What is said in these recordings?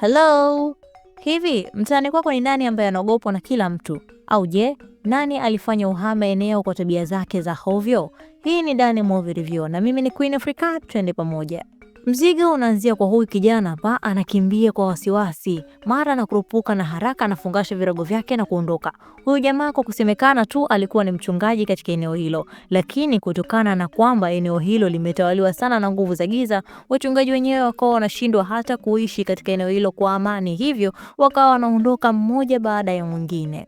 Hello, hivi mtaani kwako ni nani ambaye anaogopwa na kila mtu? Au je, nani alifanya uhame eneo kwa tabia zake za hovyo? Hii ni Dani Movie Review na mimi ni Queen Africa, twende pamoja. Mzigo unaanzia kwa huyu kijana hapa, anakimbia kwa wasiwasi, mara anakurupuka na haraka anafungasha virago vyake na kuondoka. Huyu jamaa kwa kusemekana tu alikuwa ni mchungaji katika eneo hilo, lakini kutokana na kwamba eneo hilo limetawaliwa sana na nguvu za giza, wachungaji wenyewe wakawa wanashindwa hata kuishi katika eneo hilo kwa amani, hivyo wakawa wanaondoka mmoja baada ya mwingine.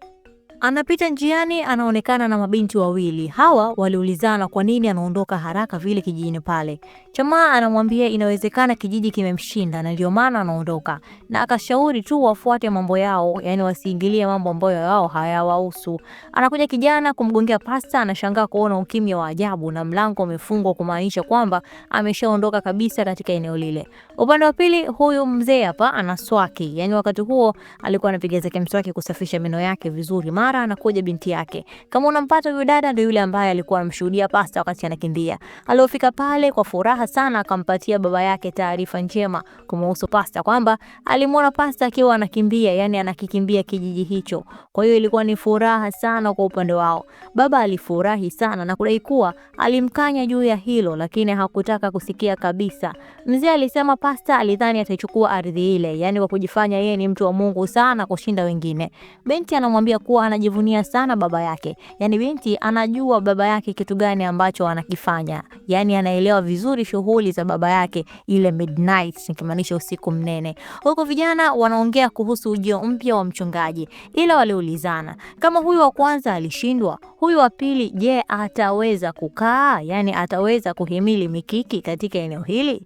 Anapita njiani anaonekana na mabinti wawili. Hawa waliulizana kwa nini anaondoka haraka vile kijijini pale, Jamaa anamwambia inawezekana kijiji kimemshinda na ndio maana anaondoka, na akashauri tu wafuate mambo yao, yani wasiingilie mambo ambayo wao hayawahusu. Anakuja kijana kumgongea pasta, anashangaa kuona ukimya wa ajabu na mlango umefungwa, kumaanisha kwamba ameshaondoka kabisa katika eneo lile. Upande wa pili, huyu mzee hapa anaswaki, yani wakati huo alikuwa anapiga zake mswaki kusafisha meno yake vizuri, mara anakuja binti yake. Kama unampata huyu dada, ndio yule ambaye alikuwa anamshuhudia pasta wakati anakimbia. Aliofika pale kwa furaha furaha sana akampatia baba yake taarifa njema kumhusu Pasta kwamba alimwona Pasta akiwa anakimbia, yani anakikimbia kijiji hicho. Kwa hiyo ilikuwa ni furaha sana kwa upande wao. Baba alifurahi sana na kudai kuwa alimkanya juu ya hilo, lakini hakutaka kusikia kabisa. Mzee alisema Pasta alidhani atachukua ardhi ile, yani kwa kujifanya yeye ni mtu wa Mungu sana kushinda wengine. Binti anamwambia kuwa anajivunia sana baba yake, yani binti anajua baba yake kitu gani ambacho anakifanya, yani anaelewa vizuri shughuli za baba yake, ile midnight, nikimaanisha usiku mnene. Huko vijana wanaongea kuhusu ujio mpya wa mchungaji, ila waliulizana kama huyu wa kwanza alishindwa, huyu wa pili, je, ataweza kukaa, yani ataweza kuhimili mikiki katika eneo hili?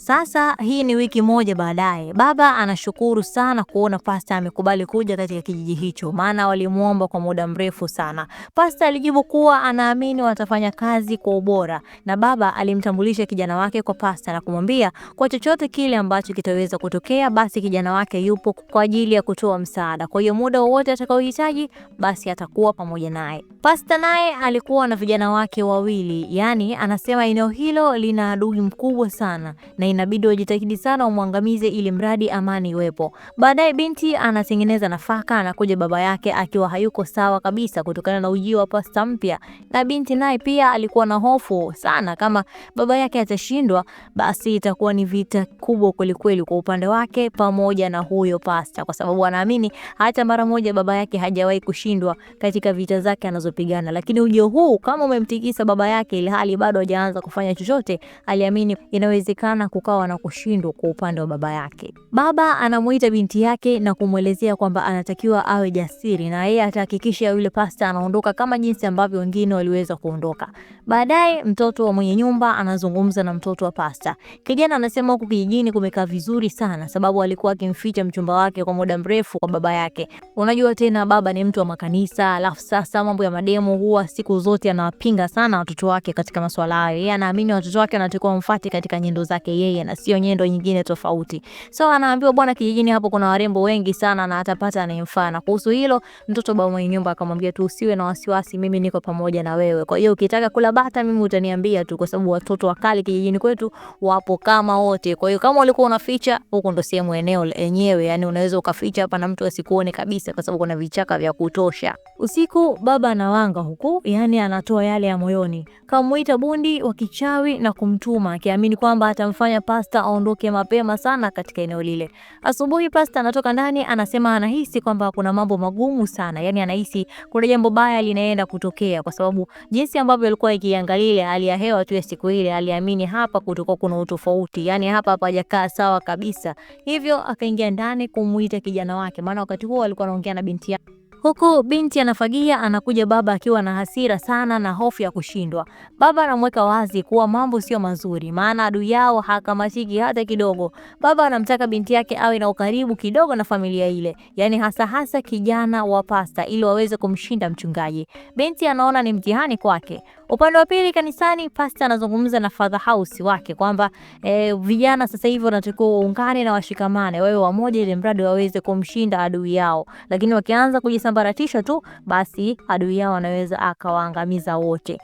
Sasa hii ni wiki moja baadaye, baba anashukuru sana kuona pasta amekubali kuja katika kijiji hicho, maana walimuomba kwa muda mrefu sana. Pasta alijibu kuwa anaamini watafanya kazi kwa ubora, na baba alimtambulisha kijana wake kwa pasta na kumwambia kwa chochote kile ambacho kitaweza kutokea, basi kijana wake yupo kwa ajili ya kutoa msaada. Kwa hiyo muda wowote atakaohitaji, basi atakuwa pamoja naye. Pasta naye alikuwa na vijana wake wawili, yaani anasema eneo hilo lina adui mkubwa sana na inabidi wajitahidi sana umwangamize ili mradi amani iwepo. Baadaye binti anatengeneza nafaka, anakuja baba yake akiwa hayuko sawa kabisa kutokana na ujio wa pasta mpya, na binti naye pia alikuwa na hofu sana, kama baba yake atashindwa, basi itakuwa ni vita kubwa kwelikweli kwa upande wake pamoja na huyo pasta, kwa sababu anaamini hata mara moja baba yake hajawahi kushindwa katika vita zake anazopigana. Lakini ujio huu kama umemtikisa baba yake, ilhali bado hajaanza kufanya chochote, aliamini inawezekana kukawa na kushindwa kwa upande wa baba yake. Baba anamuita binti yake na kumwelezea kwamba anatakiwa awe jasiri na yeye atahakikisha yule pasta anaondoka kama jinsi ambavyo wengine waliweza kuondoka. Baadaye mtoto wa mwenye nyumba anazungumza na mtoto wa pasta. Kijana anasema huku kijijini kumekaa vizuri sana, sababu alikuwa akimficha mchumba wake kwa muda mrefu kwa baba yake. Unajua tena baba ni mtu wa makanisa, alafu sasa mambo ya mademo huwa siku zote anawapinga sana watoto wake katika masuala hayo. Yeye anaamini watoto wake wanatakiwa wamfuate katika nyendo zake yeye yeye na sio nyendo nyingine tofauti. So anaambiwa bwana, kijijini hapo kuna warembo wengi sana na atapata anayemfana. Kuhusu hilo, mtoto baba mwenye nyumba akamwambia tu, usiwe na wasiwasi, mimi niko pamoja na wewe. Kwa hiyo ukitaka kula bata, mimi utaniambia tu, kwa sababu watoto wakali kijijini kwetu wapo kama wote. Kwa hiyo kama ulikuwa unaficha huko, ndo sehemu eneo lenyewe, yani unaweza ukaficha hapa na mtu asikuone kabisa, kwa sababu kuna vichaka vya kutosha. Usiku baba anawanga huku, yani anatoa yale ya moyoni, kamuita bundi wa kichawi na kumtuma akiamini kwamba atamfanya kumfanya Pasta aondoke mapema sana katika eneo lile. Asubuhi Pasta anatoka ndani, anasema anahisi kwamba kuna mambo magumu sana, yani anahisi kuna jambo baya linaenda kutokea, kwa sababu jinsi ambavyo alikuwa ikiangalia hali ya hewa tu ya siku ile, aliamini hapa kutokuwa kuna utofauti, yani hapa hapajakaa sawa kabisa, hivyo akaingia ndani kumuita kijana wake, maana wakati huo alikuwa anaongea na binti yake. Huku binti anafagia, anakuja baba akiwa na hasira sana na hofu ya kushindwa. Baba anamweka wazi kuwa mambo sio mazuri, maana adui yao hakamatiki hata kidogo. Baba anamtaka binti yake awe na ukaribu kidogo na familia ile, yaani hasa hasa kijana wa pasta, ili waweze kumshinda mchungaji. Binti anaona ni mtihani kwake. Upande wa pili kanisani, pasta anazungumza na Father House wake kwamba e, vijana sasa hivi wanatakiwa waungane na washikamane, wawe wamoja, ili mradi waweze kumshinda adui yao, lakini wakianza kujisa wakisambaratisha tu, basi adui yao anaweza akawaangamiza wote.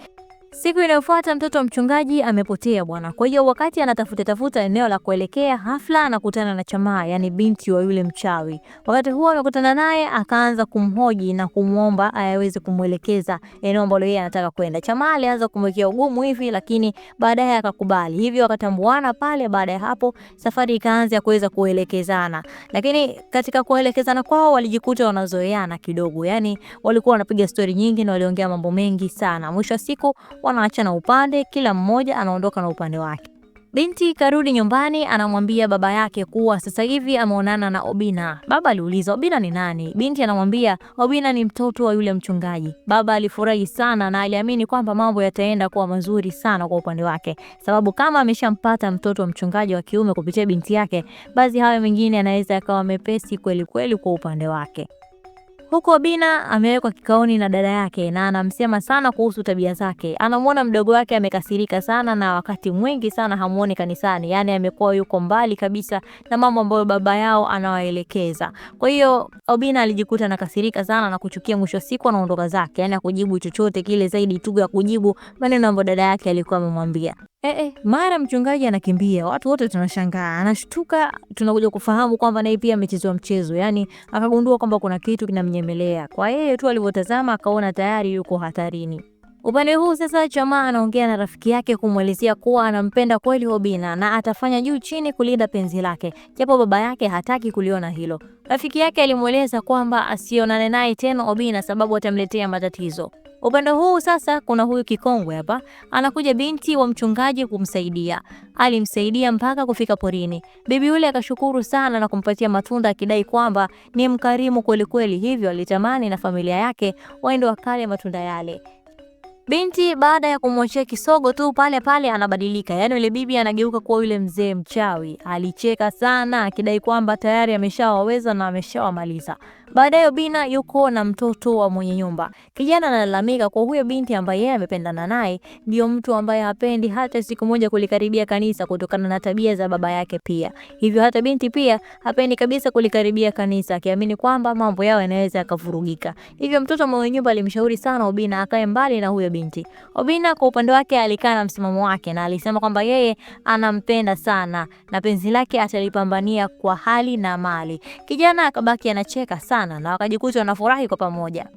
Siku inayofuata mtoto wa mchungaji amepotea bwana. Kwa hiyo wakati anatafuta tafuta eneo la kuelekea, hafla anakutana na Chamaa, yani binti wa yule mchawi. Wakati huo amekutana naye, akaanza kumhoji na kumwomba aweze kumwelekeza eneo ambalo yeye anataka kwenda. Chamaa alianza kumwekea ugumu hivi, lakini baadaye akakubali. Hivyo wakatambuana pale. Baada ya hapo, safari ikaanza kuweza kuelekezana, lakini katika kuelekezana kwao walijikuta wanazoeana kidogo, yani walikuwa wanapiga stori nyingi na waliongea mambo mengi sana. Mwisho wa siku wanaacha na upande, kila mmoja anaondoka na upande wake. Binti karudi nyumbani, anamwambia baba yake kuwa sasa hivi ameonana na Obina. Baba aliuliza Obina ni nani? Binti anamwambia Obina ni mtoto wa yule mchungaji. Baba alifurahi sana na aliamini kwamba mambo yataenda kuwa mazuri sana kwa upande wake, sababu kama ameshampata mtoto wa mchungaji wa kiume kupitia binti yake, basi hayo mengine anaweza yakawa mepesi kweli kweli kwa upande wake. Huku Obinna amewekwa kikaoni na dada yake na anamsema sana kuhusu tabia zake. Anamwona mdogo wake amekasirika sana na wakati mwingi sana hamuoni kanisani. Yaani amekuwa yuko mbali kabisa na mambo ambayo baba yao anawaelekeza. Kwa hiyo Obina alijikuta anakasirika sana na kuchukia, mwisho siku anaondoka zake. Yaani hakujibu chochote kile zaidi tu ya kujibu maneno ambayo dada yake alikuwa amemwambia eh, eh, mara mchungaji anakimbia, watu wote tunashangaa, anashtuka. Tunakuja kufahamu kwamba naye pia amechezewa mchezo, yani akagundua kwamba kuna kitu kinamnyemelea. Kwa yeye tu alivyotazama, akaona tayari yuko hatarini. Upande huu sasa, Chama anaongea na rafiki yake kumwelezea kuwa anampenda kweli Obina na atafanya juu chini kulinda penzi lake, japo baba yake hataki kuliona hilo. Rafiki yake alimweleza kwamba asionane naye tena Obina sababu atamletea matatizo. Upande huu sasa kuna huyu kikongwe hapa, anakuja binti wa mchungaji kumsaidia. Alimsaidia mpaka kufika porini. Bibi yule akashukuru sana na kumpatia matunda akidai kwamba ni mkarimu kweli kweli, hivyo alitamani na familia yake waende wakale matunda yale. Binti baada ya kumwachia kisogo tu pale pale anabadilika, yaani yule bibi anageuka kuwa yule mzee mchawi. Alicheka sana akidai kwamba tayari ameshawaweza na ameshawamaliza. Baadaye Bina yuko na mtoto wa mwenye nyumba. Kijana analalamika kwa huyo binti ambaye yeye amependana naye, ndio mtu ambaye hapendi hata siku moja kulikaribia kanisa kutokana na tabia za baba yake pia. Hivyo hata binti pia hapendi kabisa kulikaribia kanisa akiamini kwamba mambo yao yanaweza yakavurugika. Hivyo mtoto mwenye nyumba alimshauri sana Obina akae mbali na huyo binti. Obina kwa upande wake alikaa na msimamo wake na alisema kwamba yeye anampenda sana na penzi lake atalipambania kwa hali na mali. Kijana akabaki anacheka sana sana na wakajikuta wanafurahi kwa pamoja.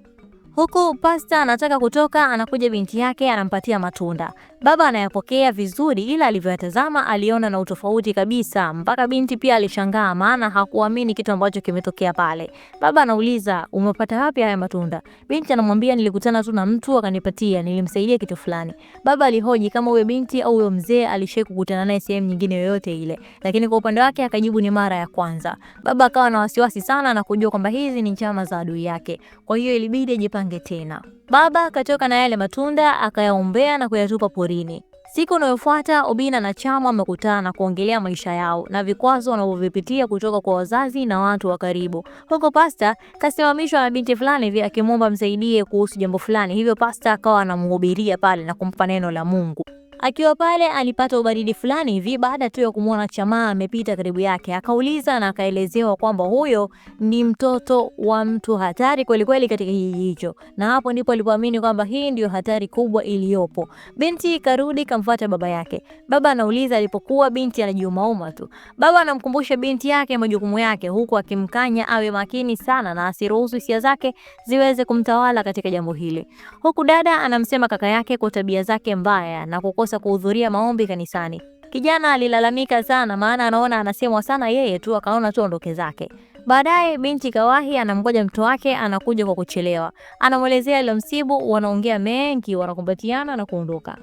Huku pasta anataka kutoka, anakuja binti yake anampatia matunda. Baba anayapokea vizuri, ila alivyoyatazama aliona na utofauti kabisa, mpaka binti pia alishangaa, maana hakuamini kitu ambacho kimetokea pale. Baba anauliza umepata wapi haya matunda? Binti anamwambia nilikutana tu na mtu akanipatia, nilimsaidia kitu fulani. Baba alihoji kama huyo binti au huyo mzee alishai kukutana naye sehemu nyingine yoyote ile, lakini kwa upande wake akajibu ni mara ya kwanza. Baba akawa na wasiwasi sana na kujua kwamba hizi ni njama za adui yake, kwa hiyo ilibidi ajipange tena. Baba akatoka na yale matunda akayaombea na kuyatupa porini. Siku inayofuata Obina na Chama wamekutana na kuongelea maisha yao na vikwazo wanavyovipitia kutoka kwa wazazi na watu wa karibu. Huko Pasta kasimamishwa na binti fulani hivi akimwomba msaidie kuhusu jambo fulani, hivyo Pasta akawa anamhubiria pale na kumpa neno la Mungu. Akiwa pale alipata ubaridi fulani hivi baada tu ya kumwona Chamaa amepita karibu yake, akauliza na akaelezewa kwamba huyo ni mtoto wa mtu hatari kwelikweli katika kijiji hicho, na hapo ndipo alipoamini kwamba hii ndiyo hatari kubwa iliyopo. Binti karudi kamfuata baba yake. Baba anauliza alipokuwa, binti anajiumauma tu. Baba anamkumbusha binti yake majukumu yake, huku akimkanya awe makini sana na asiruhusu hisia zake ziweze kumtawala katika jambo hili, huku dada anamsema kaka yake kwa tabia zake mbaya na kukosa kukosa kuhudhuria maombi kanisani. Kijana alilalamika sana, maana anaona anasemwa sana yeye tu, akaona tu ondoke zake. Baadaye binti kawahi anamgoja mtu wake, anakuja kwa kuchelewa, anamwelezea msibu wanaongea mengi, wanakumbatiana na kuondoka.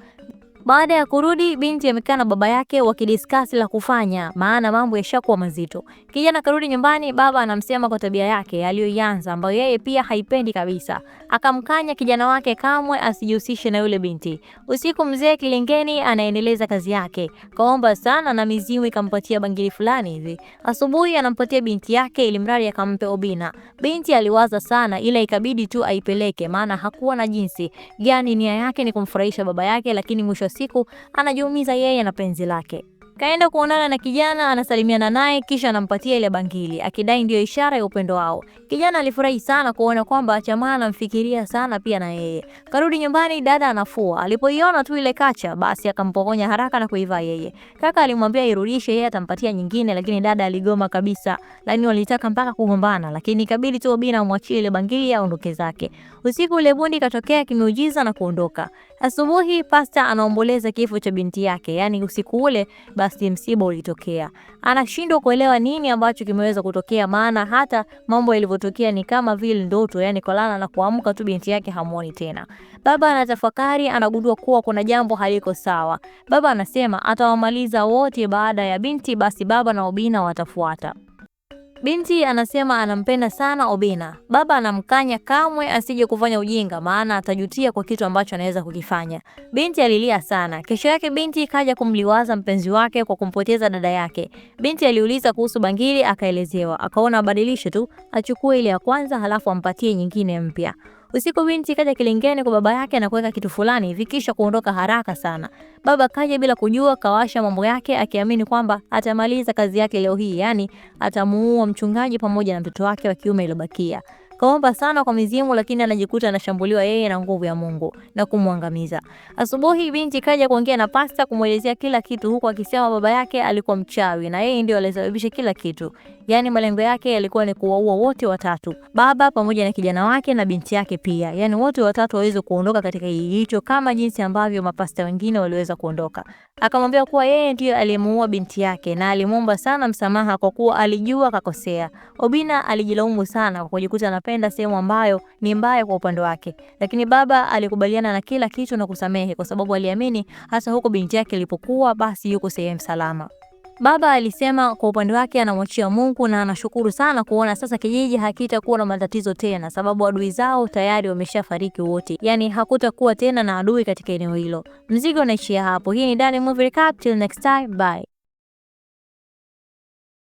Baada ya kurudi, binti amekaa na baba yake wakidiskasi la kufanya, maana mambo yashakuwa mazito. Kijana karudi nyumbani, baba anamsema kwa tabia yake aliyoianza, ambayo yeye pia haipendi kabisa. Akamkanya kijana wake kamwe asijihusishe na yule binti. Usiku mzee Kilingeni anaendeleza kazi yake, kaomba sana na mizimu ikampatia bangili fulani hivi. Asubuhi anampatia binti yake, ili mradi akampe Obina. Binti aliwaza sana, ila ikabidi tu aipeleke, maana hakuwa na jinsi gani. Nia yake ni kumfurahisha baba yake, lakini mwisho siku anajiumiza yeye na penzi lake. Kaenda kuonana na kijana, anasalimiana naye, kisha anampatia ile bangili akidai ndiyo ishara ya upendo wao. Kijana alifurahi sana kuona kwamba Chamaa anamfikiria sana pia na yeye. Karudi nyumbani, dada anafua. Alipoiona tu ile kacha, basi akampokonya haraka na kuivaa yeye. Kaka alimwambia irudishe, yeye atampatia nyingine, lakini dada aligoma kabisa, lakini walitaka mpaka kugombana, lakini ikabidi tu Obinna amwachie ile bangili aondoke zake. Usiku ule bundi katokea kimeujiza na kuondoka. Asubuhi Pasta anaomboleza kifo cha binti yake, yaani usiku ule basi msiba ulitokea. Anashindwa kuelewa nini ambacho kimeweza kutokea, maana hata mambo yalivyotokea ni kama vile ndoto, yani kulala na kuamka tu binti yake hamuoni tena. Baba anatafakari, anagundua kuwa kuna jambo haliko sawa. Baba anasema atawamaliza wote baada ya binti, basi baba na Obina watafuata. Binti anasema anampenda sana Obina. Baba anamkanya kamwe asije kufanya ujinga, maana atajutia kwa kitu ambacho anaweza kukifanya. Binti alilia sana. Kesho yake binti kaja kumliwaza mpenzi wake kwa kumpoteza dada yake. Binti aliuliza kuhusu bangili akaelezewa, akaona abadilishe tu, achukue ile ya kwanza halafu ampatie nyingine mpya. Usiku binti kaja kilingeni kwa baba yake na kuweka kitu fulani hivi kisha kuondoka haraka sana. Baba kaja bila kujua, kawasha mambo yake akiamini kwamba atamaliza kazi yake leo hii, yani atamuua mchungaji pamoja na mtoto wake wa kiume iliyobakia. Kaomba sana kwa mizimu, lakini anajikuta anashambuliwa yeye na nguvu ya Mungu na kumwangamiza. Asubuhi binti kaja kuongea na pasta kumwelezea kila kitu, huku akisema baba yake alikuwa mchawi na yeye ndio alisababisha kila kitu. Yaani malengo yake yalikuwa ni kuwaua wote watatu, baba pamoja na kijana wake na binti yake pia, yaani wote watatu waweze kuondoka katika kijiji hicho, kama jinsi ambavyo mapasta wengine waliweza kuondoka. Akamwambia kuwa yeye ndiye aliyemuua binti yake na alimwomba sana msamaha kwa kuwa alijua kakosea. Obina alijilaumu sana kwa kujikuta na anapenda sehemu ambayo ni mbaya kwa upande wake. Lakini baba alikubaliana na kila kitu na kusamehe, kwa sababu aliamini hasa huko binti yake ilipokuwa, basi yuko sehemu salama. Baba alisema kwa upande wake anamwachia Mungu na anashukuru sana kuona sasa kijiji hakitakuwa na matatizo tena, sababu adui zao tayari wameshafariki wote, yaani hakutakuwa tena na adui katika eneo hilo. Mzigo unaishia hapo. Hii ni Dani Movie Recap, till next time, bye.